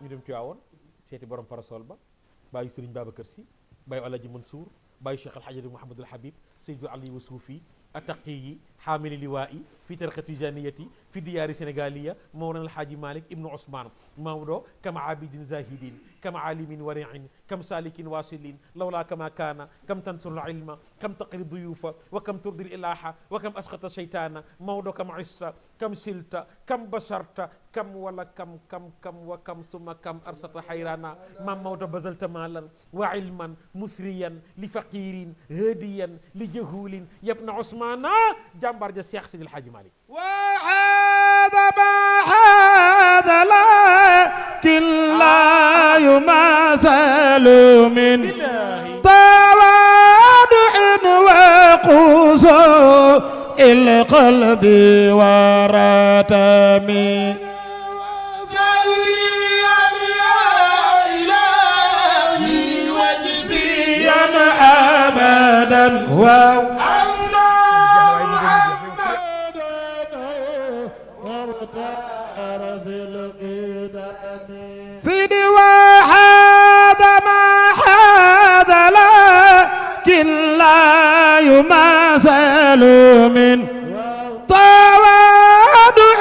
ñu dem Tiwaawoon seeti borom parasol ba bàyyi Sëriñ Babacar Si bàyyi Alaaji Mansour bàyyi Cheikh Alxaaji Muhammadul Habib Seydou Aliou Suufi attaqiyi xaamili liwaa yi fi tarqati janiyati fi diyaari sénégaliya mawlana alhaaji malik ibnu ousmane mawdo kam abidin zahidin kam alimin wariin kam salikin wasilin lawla kama kaana kam tansuru ilma kam taqri duyufa wa kam turdi ilaha wa kam asqata sheytana mawdo kam issa kam silta kam basarta kam wala kam kam kam wa kam summa kam arsata hayrana mam mawdo bazalta malan wa ilman musriyan li faqirin hadiyan li jahulin yabna ousmana ah, jàmbar ja seex sidil haaji Malick وهذا ما هذا لكن لا يماثل من تواضع وقصور القلب ورتمين أبدا معلوم تواضع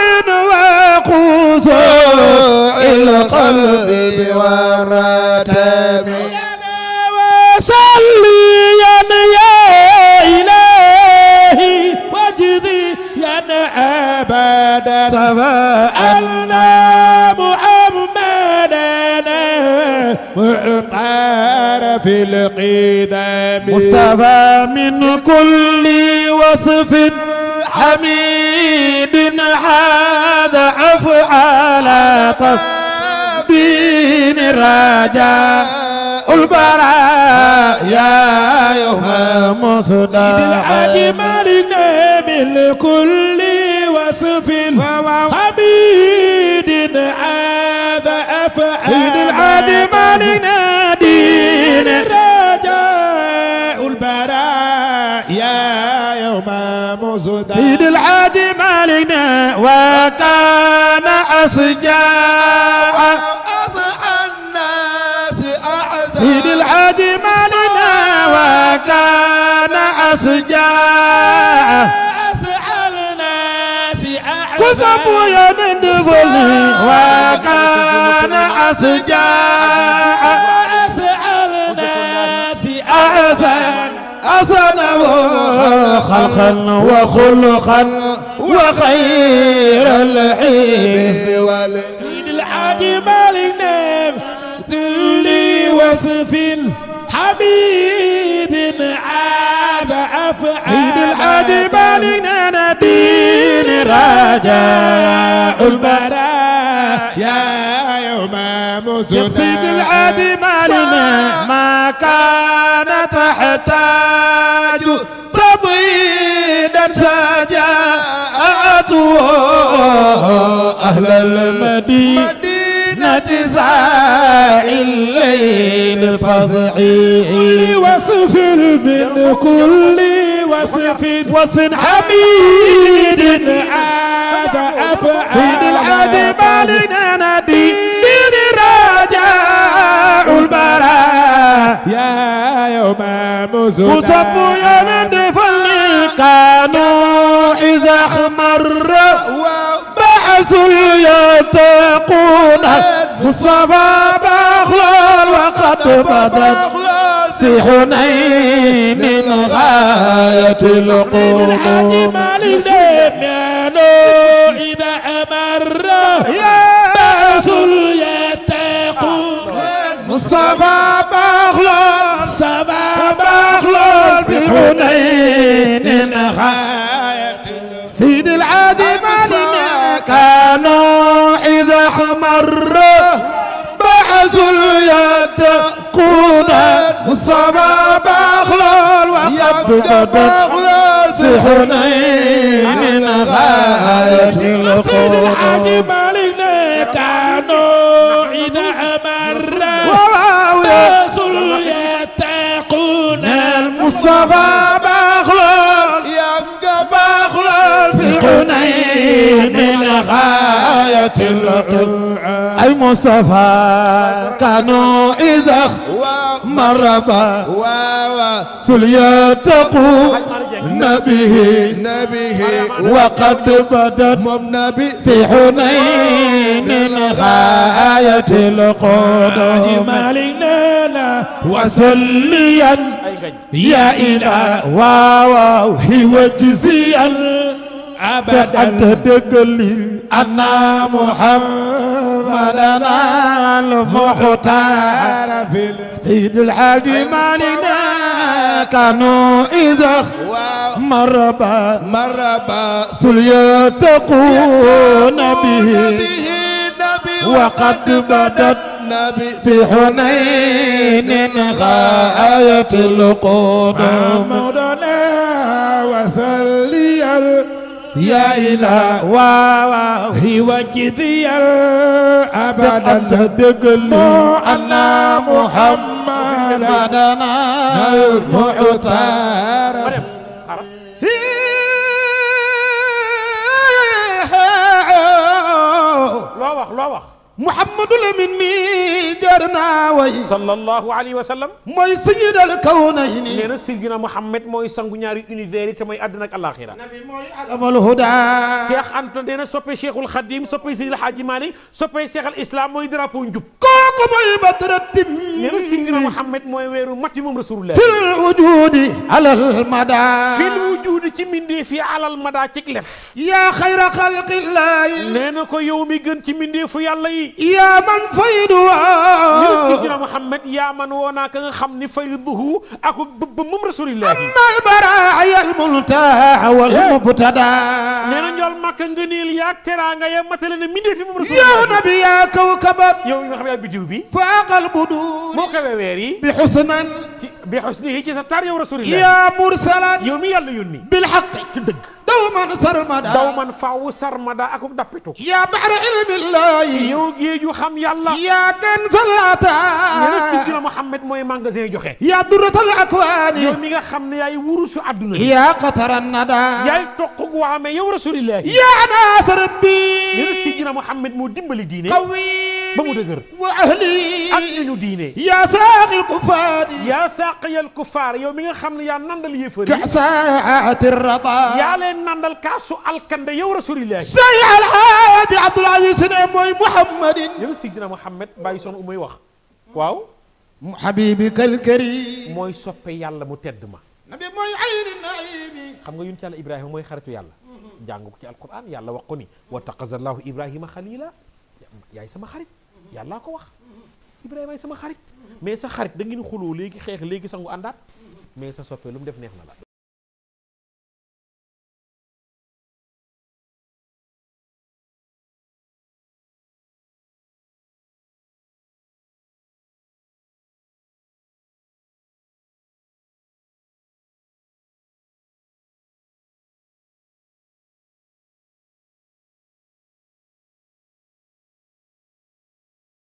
وخضوع القلب والرتم وصليا يا إلهي واجزيا أبدا سواء في القدم مصطفى من كل وصف حميد هذا أفعال تصبين رجاء البراء يا يوم مصدى الحاج مالك من كل وصف حميد هذا أفعال الحاج مالك الدين رجاء البراء يا يوم مزدا سيد العادي مالنا وكان أصجاء الناس أعزاء سيد العادي مالنا وكان أصجاء كفوا يا ندبلي وكان أصجاء حسنه خلقا وخلقا وخير الحين والسيد الحاج مالك نام ذلي وصف حميد عاد أفعال سيد الحاج مالك نام دين رجاء البرايا الأمم يقصد العادي مالنا ما كان تحتاج تبيدا فجاءته أهل المدينة تسعى الليل فضعي كل وصف من كل وصف وصف حميد عاد أفعال العذب لنا نبي يا يوم مزدان ينند فالكان إذا أحمر وبعث يتقون مصطفى بغلال وقد بدت في حنين غاية القوم إذا أمر يا سيد العادي مالنا كانوا إذا حمر بعز اليد قولا مصابا بخلال وقبض بخلال في حنين من غاية الخون سيد العادي مالنا كانوا إذا حمر بعز اليد قولا مصابا غاية اللطف أي مصطفى كانوا إذا مربا سليتقوا نبيه نبيه وقد بدت نبي في حنين غاية القدوم مالنا وسليا يا إله واو هي وجزيا أبدا أنت دقليل أن محمدا المختار في سيد الحاج مالنا كانوا إذا مربا مربا سليا تقون به وقد بدت نبي في حنين غاية القدم محمدنا وسلم يا إله واو هو جدي أبدا دقلو أنا محمد أنا المعتار Mouhamadou Lamine mi jaar naa way. sallallahu alayhi mooy sayyidal kawnayni. nee na Seydina Mouhamed mooy sangu ñaari univers yi te mooy àddina ak alaaxira. nabi mooy alamal huda. Cheikh Anta nee na soppee Cheikhul Khadim soppee Seydil Hadji Malick soppee Cheikh al Islam mooy drapeau njub. ko mooy batratim nee na si ngir Muhammad mooy weeru mat yi moom rasulullah fil wujuudi alal madaa fil wujuudi ci mindee fi alal madaa cig lef yaa xayra xalqillaahi nee na ko yow mi gën ci mindee fu yàlla yi yaa man faydu nee na si ngir Muhammad yaa man woonaa ka nga xam ni fayduhu ak bëbb moom rasulullah amma al baraa al multaa wal mubtadaa nee na màkka ngëneel yaag teraanga ya matale na mindee fi moom rasul yow nabi yaa kaw kaban yow nga xam yaa biddiw bi faaqal budu moo kawe weer yi bi xusnan ci bi xusnihi ci sa taar yow rasulillah ya mursalan yow mi yàlla yónni bil xaq ci dëgg daw man sarmada daw da faawu sarmada akub dappitu ya bahra ilmillahi yow géeju xam yàlla ya kan salata yéen ci jula Muhammad mooy magasin joxe ya duratal akwani yow mi nga xam ne yaay wurusu adduna ya qataran nada yaay toqug waame yow rasulillah ya nasar din ba mu dëgër wa ahli ak ñu diine yaa saaqil kufaar yaa saaqiyal kufaar yow mi nga xam ne yaa nandal yéefar yi kasaati rada yaa leen nandal kaasu alkande yow rasulillahi say alhaadi abdul aziz ne mooy muhammadin yéen sidina muhammad bàyyi son umay wax waaw habibika alkarim mooy soppe yàlla mu tedd ma nabi mooy ayni naimi xam nga yun ci yàlla ibrahima mooy xaritu yàlla mm-hmm. jàng ko ci alquran yàlla wax ko ni wa taqazallahu ibrahima xalila yaay sama xarit yàllaa ko wax Ibrahima sama xarit mais sa xarit da ngeen xuloo léegi xeex léegi sangu àndaat mais sa soppee lu mu def neex na la